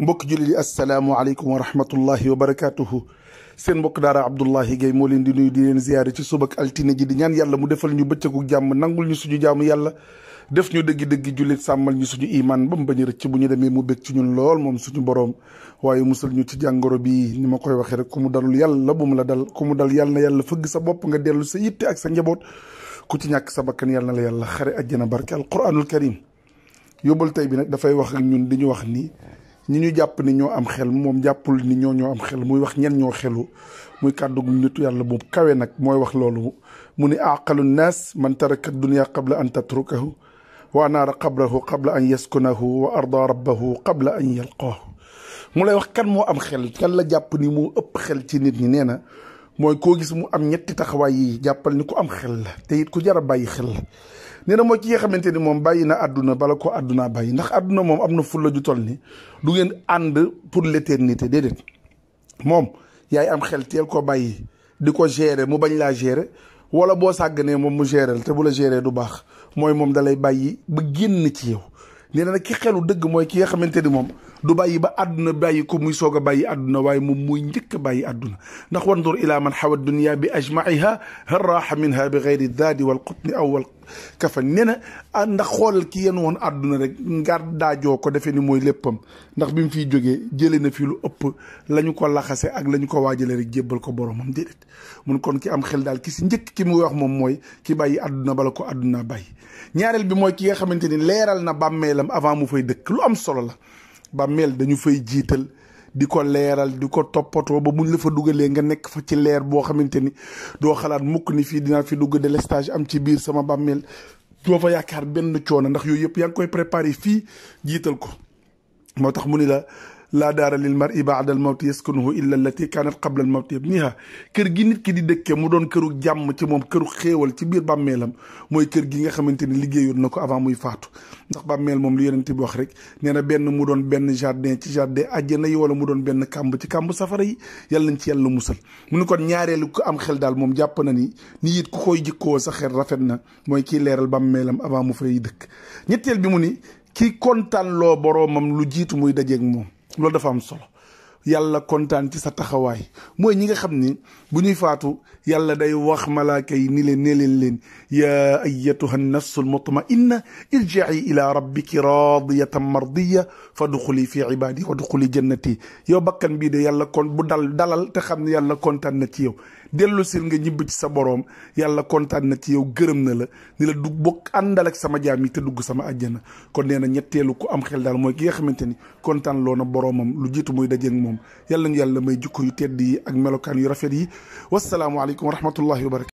mbokk jullit yi asalaamualeykum wa rahmatullahi wa barakaatuhu seen mbokk daara Abdoulahi Gaye moo leen di nuyu di leen ziyaare ci subak altine ji di ñaan yàlla mu defal ñu bëccëgu jàmm nangul ñu suñu jàmm yàlla def ñu dëgg-dëgg jullit sàmmal ñu suñu iman ba mu bañ a rëcc bu ñu demee mu bég ci ñun lool moom suñu boroom waaye musal ñu ci jàngoro bi ni ma koy waxee rek ku mu dalul yàlla bu mu la dal ku mu dal yalla yàlla fëgg sa bopp nga dellu sa yitte ak sa njaboot ku ci ñàkk sa bakkan yàlla na la yàlla xare ajjana barke alquranul karim yóbbal tey bi nag dafay wax ak ñun di wax nii ñi ñu jàpp ni ñoo am xel moom jàppul ni ñoo ñoo xel muy wax ñen ñoo xelu muy kàddu gu nitu yàlla bu kawe nag mooy wax loolu mu ni aqalu naas man taraka dunya qabla an tatrukahu wa anaara qabrahu qabla an yaskunahu wa arda rabbahu qabla an yalqaahu mu lay wax kan moo am xel kan la jàpp ni moo ëpp xel ci nit ñi nee na mooy koo gis mu am ñetti taxawaay yi jàppal ni ku am xel la te it ku jar a bàyyi xel nee na mooy ki nga xamante ni moom bàyyi na àdduna bala ko àdduna bàyyi ndax àdduna moom am na fulla ju toll ni du ngeen ànd pour l'éternité déedéet moom yaay am xel teel ko bàyyi di ko gérer mu bañ laa gérer wala boo sàgganee moom mu gérer te bu la gérer du baax mooy moom dalay bàyyi ba génn ci yow nee na nag ki xelu dëgg mooy ki nga xamante ni moom du bàyyi ba àdduna bàyyi ko muy soog a bàyyi àdduna waaye moom muy njëkk a bàyyi àdduna ndax wandur ila man xawa dunia bi ajmaiha hal raaxa minha bi gayri daadi wal qutni aw wal kafa nee na ah, ndax xoolal ki yeen woon àdduna rek ngar daajoo ko defee ni mooy léppam ndax bi mu fiy jógee jëlee na fi lu ëpp la ko laxase ak la ñu ko waajalee rek jébbal ko boromam déedéet mun kon ki am xel daal ki si njëkk ki mu wax moom mooy ki bàyyi àdduna bala ko àdduna bàyyi ñaareel bi mooy ki nga xamante ni leeral na bàmmeelam avant mu fay dëkk lu am solo la bàmmeel dañu fay jiital di ko leeral di ko toppatoo ba buñ la fa dugalee nga nekk fa ci leer boo xamante ni doo xalaat mukk ni fii dinaa fi dugg délestage am ci biir sama bàmmeel doo fa yaakaar benn coono ndax yooyu yëpp yaa ngi koy préparé fii jiital ko moo tax mu ni la laa daara lil mar'i ba'da al mawti yaskunuhu illa allati kanat qabla al mawti gi nit ki di dëkke mu doon këru jàmm ci moom këru xéewal ci biir bàmmeelam mooy kër gi nga xamante ni liggéeyoon na ko avant muy faatu ndax bàmmeel moom lu yonent bi wax rek nee benn mu doon benn jardin ci jardin àjjana yi wala mu doon benn kàmb ci kàmb safara yi yàlla nañ ci yàlla musal mu ne kon ñaareelu am xel daal moom jàpp na ni ni ku koy jikkoo sa xel rafet na mooy kii leeral bàmmeelam avant mu fay dëkk ñetteel bi mu ni kii kontaan loo boroomam lu jiitu muy dajeek moom loolu dafa am solo yàlla kontaan ci sa taxawaay mooy ñi nga xam ni bu ñuy faatu yàlla day wax malaaka yi ni leen ne leen leen yaa ayatuha nafsu almutmainna irjii ila rabbiki radiyatan mardiya fa duxuli fi ibaadi wa duxuli jannati yow bakkan bii de yàlla kon bu dal dalal te xam ne yàlla kontaan na ci yow dellu sil nga ñibb ci sa boroom yàlla kontaan na ci yow gërëm na la ni la dugg bokk àndal ak sama jaam yi te dugg sama àjjana kon nee na ñetteelu ko am xel daal mooy ki nga xamante ni kontaan loo na boroomam lu jiitu muy dajeeg moom moom yàlla nañu yàlla may jikko yu tedd yi ak melokaan yu rafet yi wasalaamualeykum wa rahmatullahi wa barakatu